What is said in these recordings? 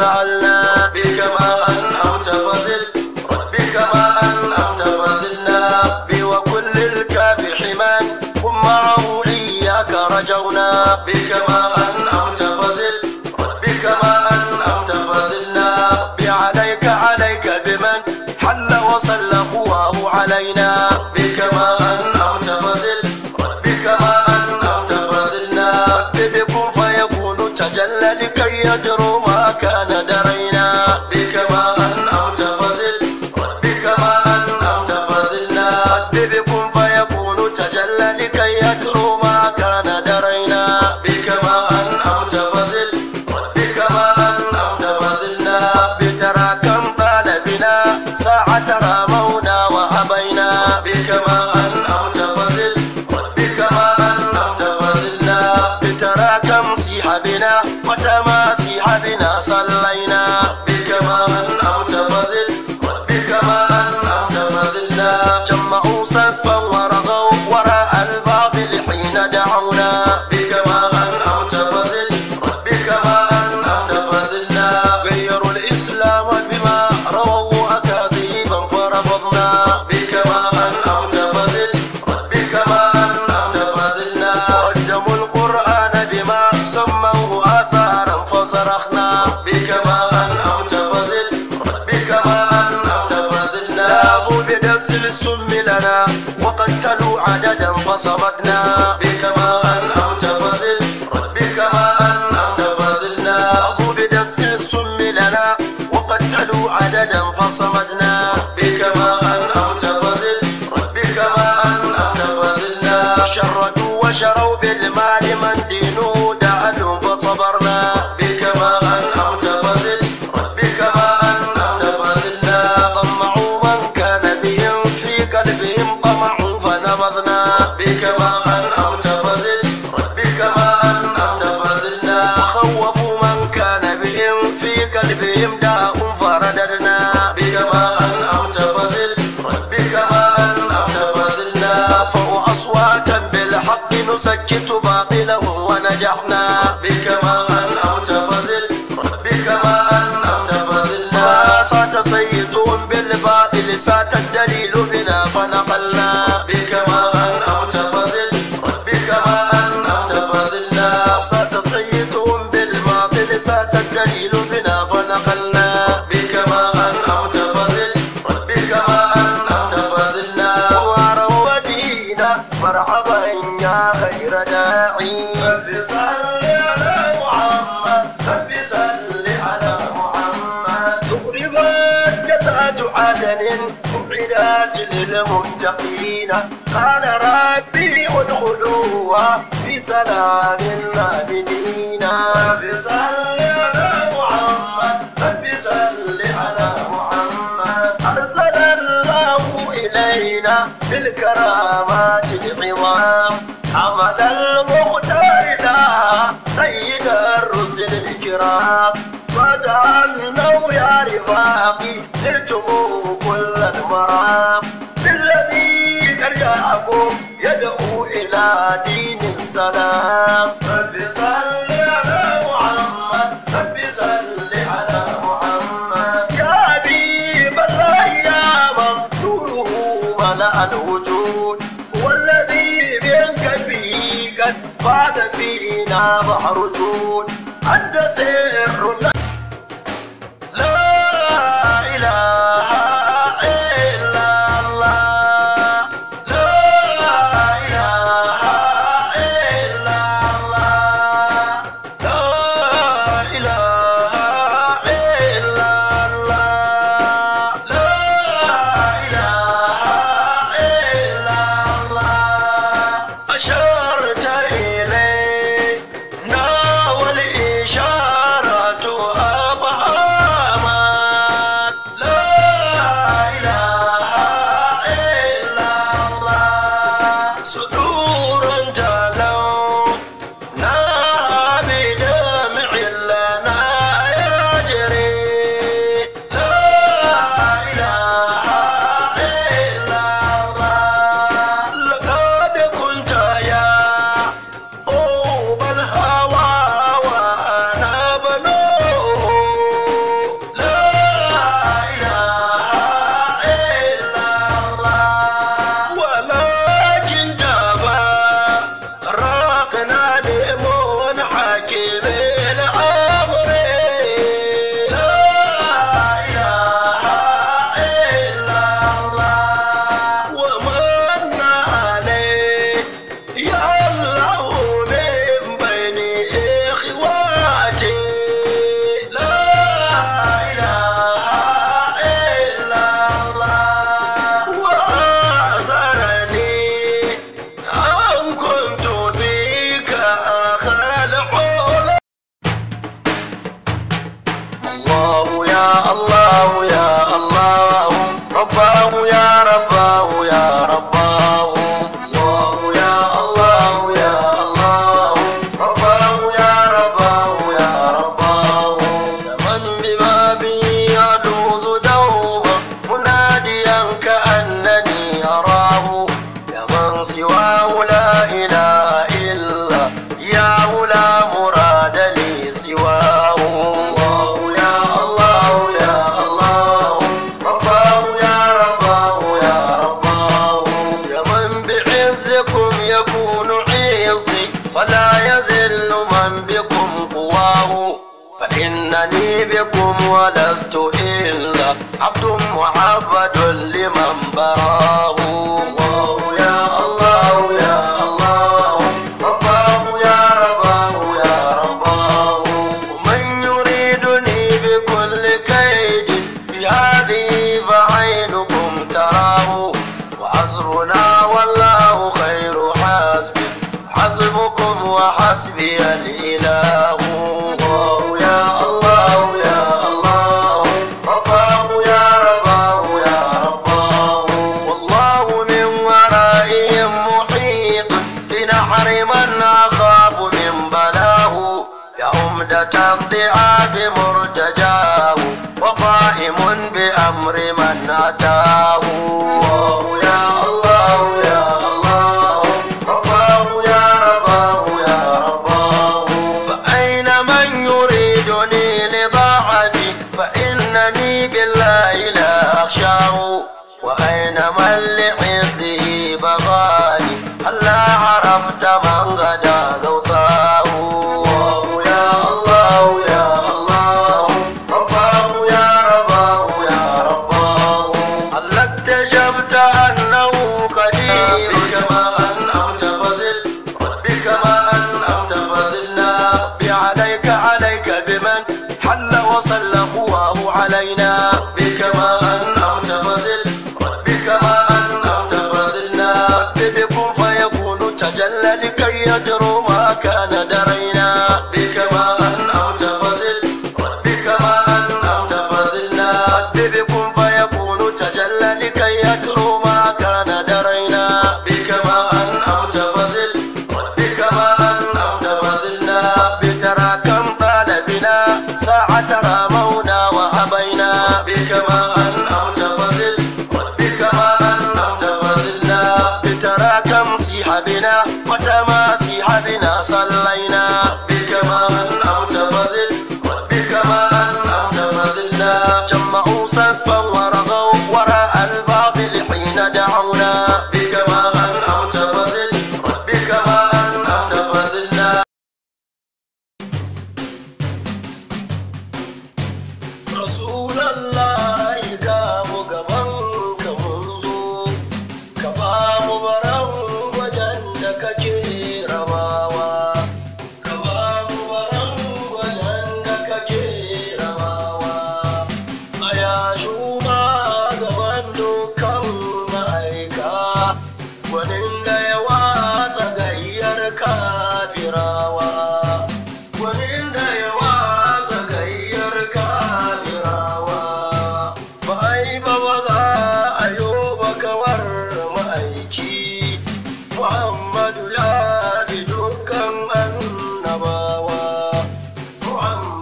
all ربك ماء أو تفزل ربك ماء أو تفزل السم لنا عددا ربك ماء أو تفزل ربك ماء أو السم لنا وقتلوا عددا فصمتنا ربك ماء أو تفزل ربك ماء أو تفزل شردوا وشروا بالمال من دين نسكت باطلهم ونجحنا ربك ما أنعمت فزل ربك ما أنعمت فزل ما سيئتهم بالباطل سات الدليل للمتقين قال ربي ادخلوها سلام آمنين رب صل على محمد رب صل على محمد أرسل الله إلينا بالكرامات العظام حمد المختار لها سيد الرسل الكرام فتعنوا يا رفاقي زلتم كل المرام الذي كرهكم يدعو إلى دين السلام رب صل على محمد رب صل على محمد يا حبيب الله يا من نوره ملأ الوجود هو الذي من كفه قد بعد فينا محرجون أنت سر الله يدرو ما كان one.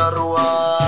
charrua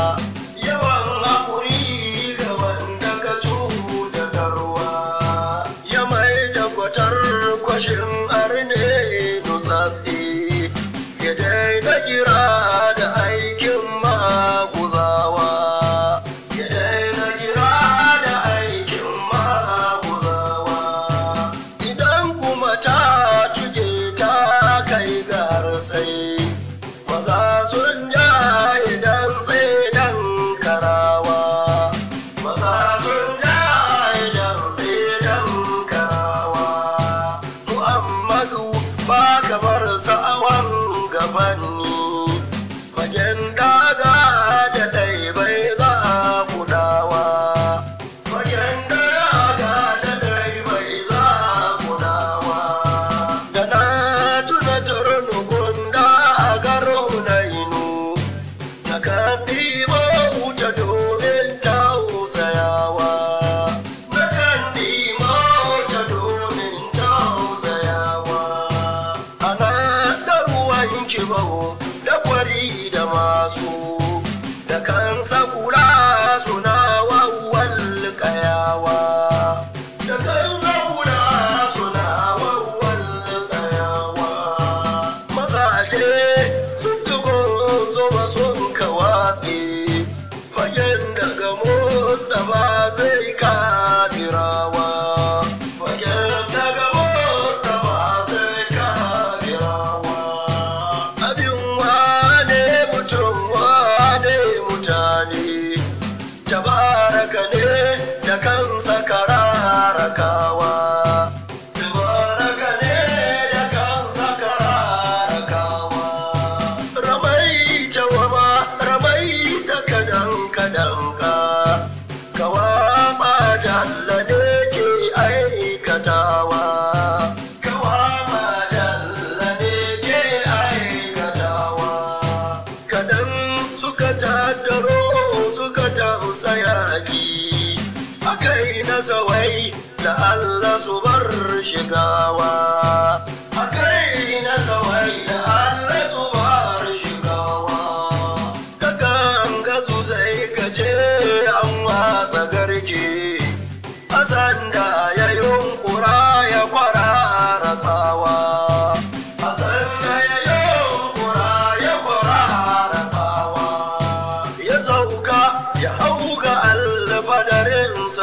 Sakara sakararaka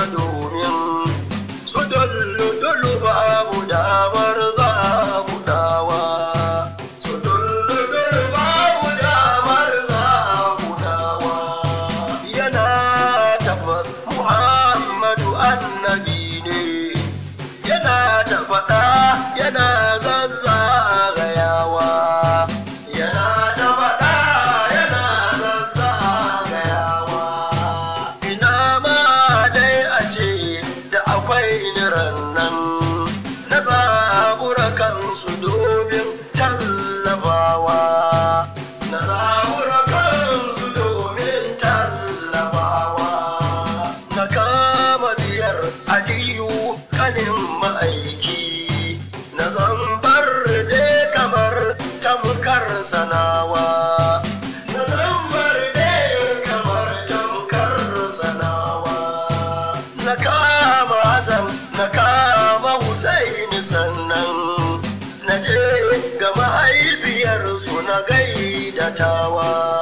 I know sanawa zambar dai kamar tamkar sanawa na kama azam na kama Hussaini sannan na je ga mahaifiyarsu na gaidatawa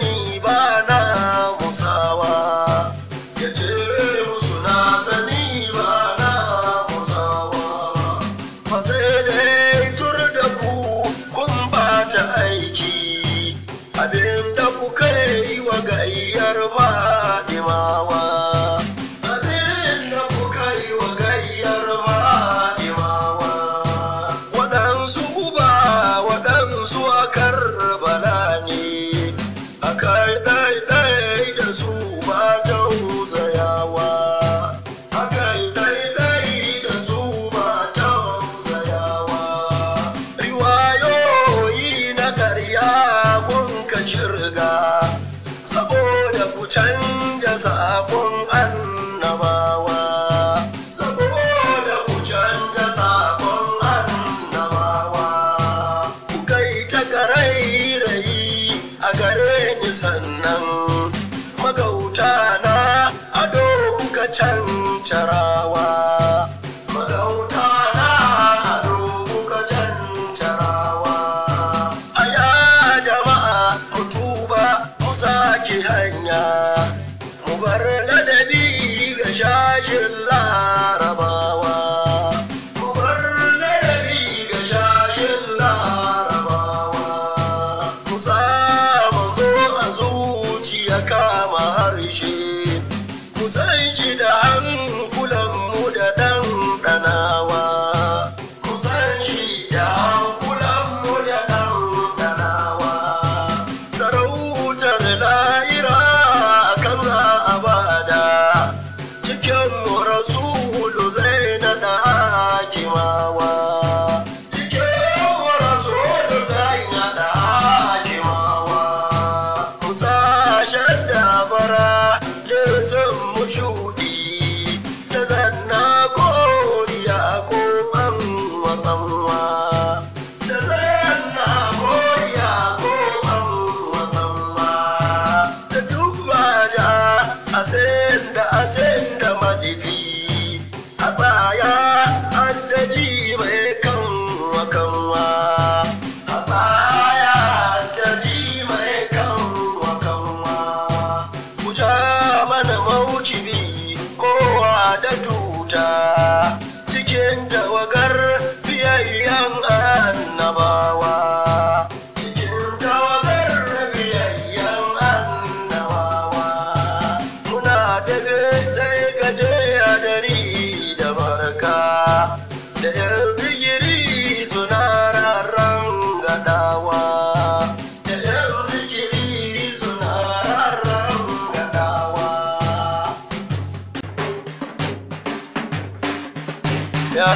你吧。cancara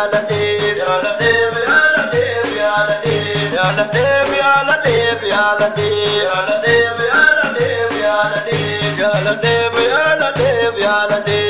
Yalla, yalla, yalla, yalla, yalla, yalla, yalla, yalla, yalla,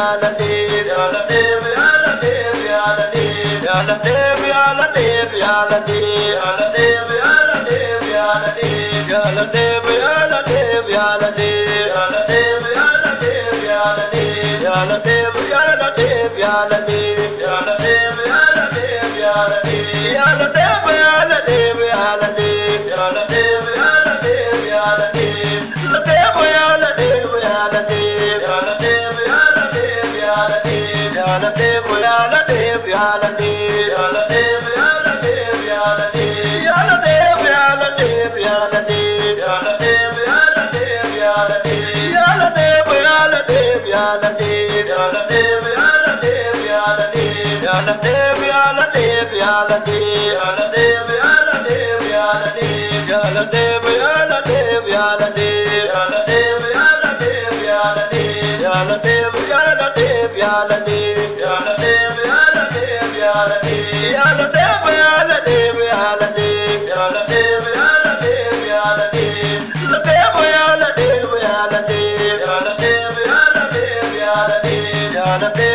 जानदेवी ज्ञान देवती अंगदेव ज्ञानदेवी अंगदेव ज्ञानदेवी Dnyandevi yalla dev yalla dev yalla dev yalla dev yalla dev yalla dev yalla dev yalla dev yalla dev yalla dev yalla dev yalla dev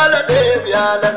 Yalla,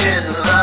in love.